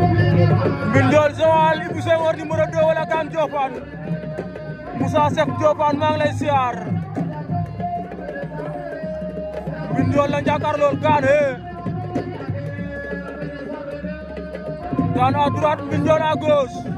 min dool jeneral Ibousen war numéro 2 wala kan Diopane Moussa Seck Diopane maa lay siyaar min dool la njàkkaarloon gaan he gaan à droite na dool gauche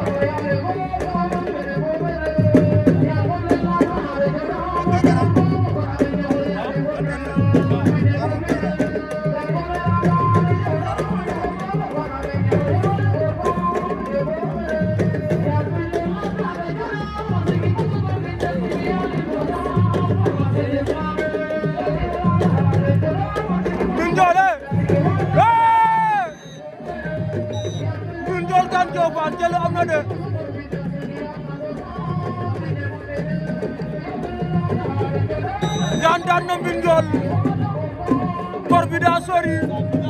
Ndofane jël am na de Njaan daan na Mbine kor bi daa sori